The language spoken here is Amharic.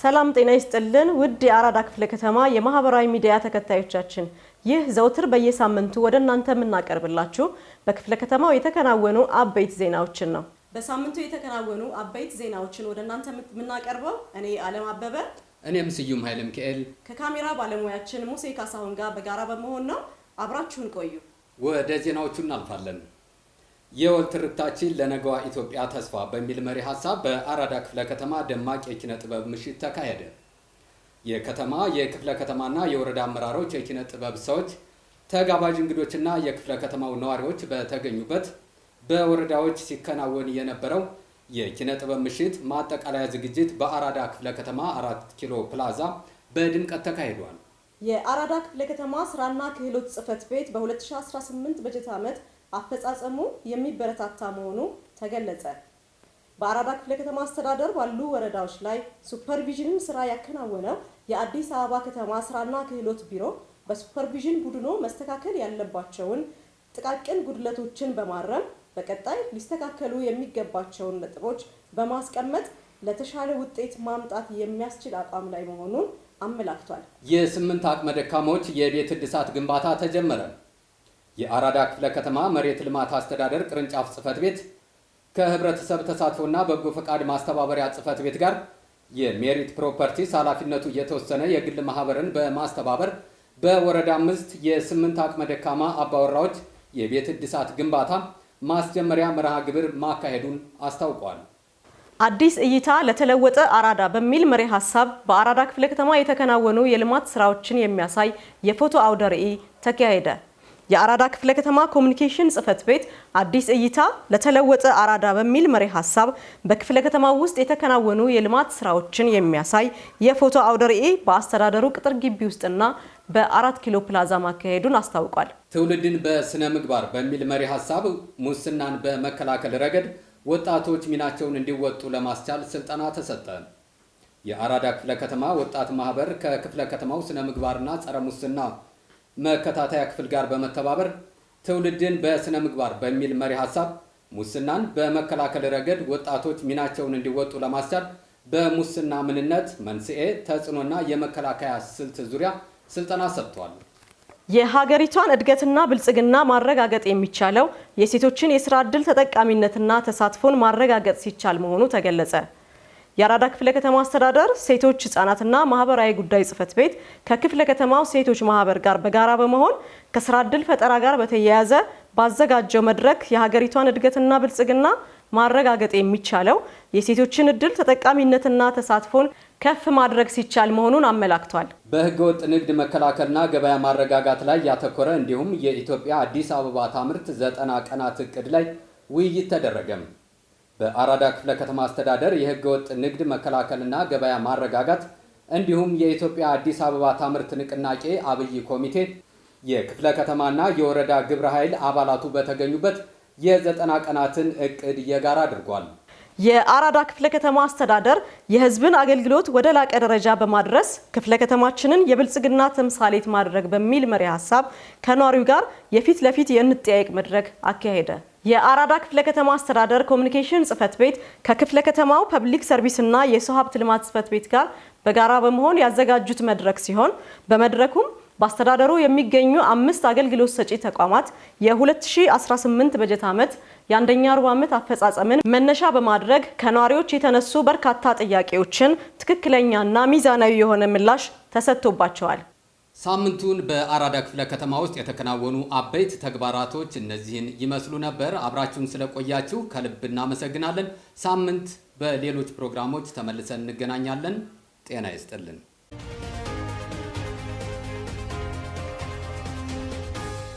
ሰላም ጤና ይስጥልን ውድ የአራዳ ክፍለ ከተማ የማህበራዊ ሚዲያ ተከታዮቻችን፣ ይህ ዘውትር በየሳምንቱ ወደ እናንተ የምናቀርብላችሁ በክፍለ ከተማው የተከናወኑ አበይት ዜናዎችን ነው። በሳምንቱ የተከናወኑ አበይት ዜናዎችን ወደ እናንተ የምናቀርበው እኔ አለም አበበ፣ እኔም ስዩም ኃይለ ሚካኤል ከካሜራ ባለሙያችን ሙሴ ካሳሁን ጋር በጋራ በመሆን ነው። አብራችሁን ቆዩ። ወደ ዜናዎቹ እናልፋለን። የወል ትርታችን ለነገዋ ኢትዮጵያ ተስፋ በሚል መሪ ሀሳብ በአራዳ ክፍለ ከተማ ደማቅ የኪነ ጥበብ ምሽት ተካሄደ። የከተማ የክፍለ ከተማና የወረዳ አመራሮች፣ የኪነ ጥበብ ሰዎች፣ ተጋባዥ እንግዶችና የክፍለ ከተማው ነዋሪዎች በተገኙበት በወረዳዎች ሲከናወን የነበረው የኪነ ጥበብ ምሽት ማጠቃለያ ዝግጅት በአራዳ ክፍለ ከተማ አራት ኪሎ ፕላዛ በድምቀት ተካሂዷል። የአራዳ ክፍለ ከተማ ስራና ክህሎት ጽህፈት ቤት በ2018 በጀት ዓመት አፈጻጸሙ የሚበረታታ መሆኑ ተገለጸ። በአራዳ ክፍለ ከተማ አስተዳደር ባሉ ወረዳዎች ላይ ሱፐርቪዥንም ስራ ያከናወነው የአዲስ አበባ ከተማ ስራና ክህሎት ቢሮ በሱፐርቪዥን ቡድኑ መስተካከል ያለባቸውን ጥቃቅን ጉድለቶችን በማረም በቀጣይ ሊስተካከሉ የሚገባቸውን ነጥቦች በማስቀመጥ ለተሻለ ውጤት ማምጣት የሚያስችል አቋም ላይ መሆኑን አመላክቷል። የስምንት አቅመ ደካሞች የቤት እድሳት ግንባታ ተጀመረ። የአራዳ ክፍለ ከተማ መሬት ልማት አስተዳደር ቅርንጫፍ ጽህፈት ቤት ከህብረተሰብ ተሳትፎና በጎ ፈቃድ ማስተባበሪያ ጽህፈት ቤት ጋር የሜሪት ፕሮፐርቲስ ኃላፊነቱ የተወሰነ የግል ማህበርን በማስተባበር በወረዳ አምስት የስምንት አቅመ ደካማ አባወራዎች የቤት እድሳት ግንባታ ማስጀመሪያ መርሃ ግብር ማካሄዱን አስታውቋል። አዲስ እይታ ለተለወጠ አራዳ በሚል መሪ ሀሳብ በአራዳ ክፍለ ከተማ የተከናወኑ የልማት ስራዎችን የሚያሳይ የፎቶ አውደ ርዕይ ተካሄደ። የአራዳ ክፍለ ከተማ ኮሚኒኬሽን ጽህፈት ቤት አዲስ እይታ ለተለወጠ አራዳ በሚል መሪ ሀሳብ በክፍለ ከተማ ውስጥ የተከናወኑ የልማት ስራዎችን የሚያሳይ የፎቶ አውደ ርዕይ በአስተዳደሩ ቅጥር ግቢ ውስጥና በአራት ኪሎ ፕላዛ ማካሄዱን አስታውቋል። ትውልድን በስነ ምግባር በሚል መሪ ሀሳብ ሙስናን በመከላከል ረገድ ወጣቶች ሚናቸውን እንዲወጡ ለማስቻል ስልጠና ተሰጠ። የአራዳ ክፍለ ከተማ ወጣት ማህበር ከክፍለ ከተማው ስነ ምግባርና ጸረ ሙስና መከታተያ ክፍል ጋር በመተባበር ትውልድን በስነ ምግባር በሚል መሪ ሀሳብ ሙስናን በመከላከል ረገድ ወጣቶች ሚናቸውን እንዲወጡ ለማስቻል በሙስና ምንነት፣ መንስኤ፣ ተጽዕኖና የመከላከያ ስልት ዙሪያ ስልጠና ሰጥቷል። የሀገሪቷን እድገትና ብልጽግና ማረጋገጥ የሚቻለው የሴቶችን የስራ ዕድል ተጠቃሚነትና ተሳትፎን ማረጋገጥ ሲቻል መሆኑ ተገለጸ። የአራዳ ክፍለ ከተማ አስተዳደር ሴቶች ህጻናትና ማህበራዊ ጉዳይ ጽህፈት ቤት ከክፍለ ከተማው ሴቶች ማህበር ጋር በጋራ በመሆን ከስራ እድል ፈጠራ ጋር በተያያዘ ባዘጋጀው መድረክ የሀገሪቷን እድገትና ብልጽግና ማረጋገጥ የሚቻለው የሴቶችን እድል ተጠቃሚነትና ተሳትፎን ከፍ ማድረግ ሲቻል መሆኑን አመላክቷል። በህገወጥ ንግድ መከላከልና ገበያ ማረጋጋት ላይ ያተኮረ እንዲሁም የኢትዮጵያ አዲስ አበባ ታምርት ዘጠና ቀናት እቅድ ላይ ውይይት ተደረገም። በአራዳ ክፍለ ከተማ አስተዳደር የህገወጥ ንግድ መከላከልና ገበያ ማረጋጋት እንዲሁም የኢትዮጵያ አዲስ አበባ ታምርት ንቅናቄ አብይ ኮሚቴ የክፍለ ከተማና የወረዳ ግብረ ኃይል አባላቱ በተገኙበት የዘጠና ቀናትን እቅድ የጋራ አድርጓል። የአራዳ ክፍለ ከተማ አስተዳደር የህዝብን አገልግሎት ወደ ላቀ ደረጃ በማድረስ ክፍለ ከተማችንን የብልጽግና ተምሳሌት ማድረግ በሚል መሪ ሀሳብ ከኗሪው ጋር የፊት ለፊት የእንጠያየቅ መድረክ አካሄደ። የአራዳ ክፍለ ከተማ አስተዳደር ኮሚኒኬሽን ጽህፈት ቤት ከክፍለ ከተማው ፐብሊክ ሰርቪስና የሰው ሀብት ልማት ጽህፈት ቤት ጋር በጋራ በመሆን ያዘጋጁት መድረክ ሲሆን በመድረኩም በአስተዳደሩ የሚገኙ አምስት አገልግሎት ሰጪ ተቋማት የ2018 በጀት ዓመት የአንደኛ ሩብ ዓመት አፈጻጸምን መነሻ በማድረግ ከነዋሪዎች የተነሱ በርካታ ጥያቄዎችን ትክክለኛና ሚዛናዊ የሆነ ምላሽ ተሰጥቶባቸዋል። ሳምንቱን በአራዳ ክፍለ ከተማ ውስጥ የተከናወኑ አበይት ተግባራቶች እነዚህን ይመስሉ ነበር። አብራችሁን ስለቆያችሁ ከልብ እናመሰግናለን። ሳምንት በሌሎች ፕሮግራሞች ተመልሰን እንገናኛለን። ጤና ይስጥልን።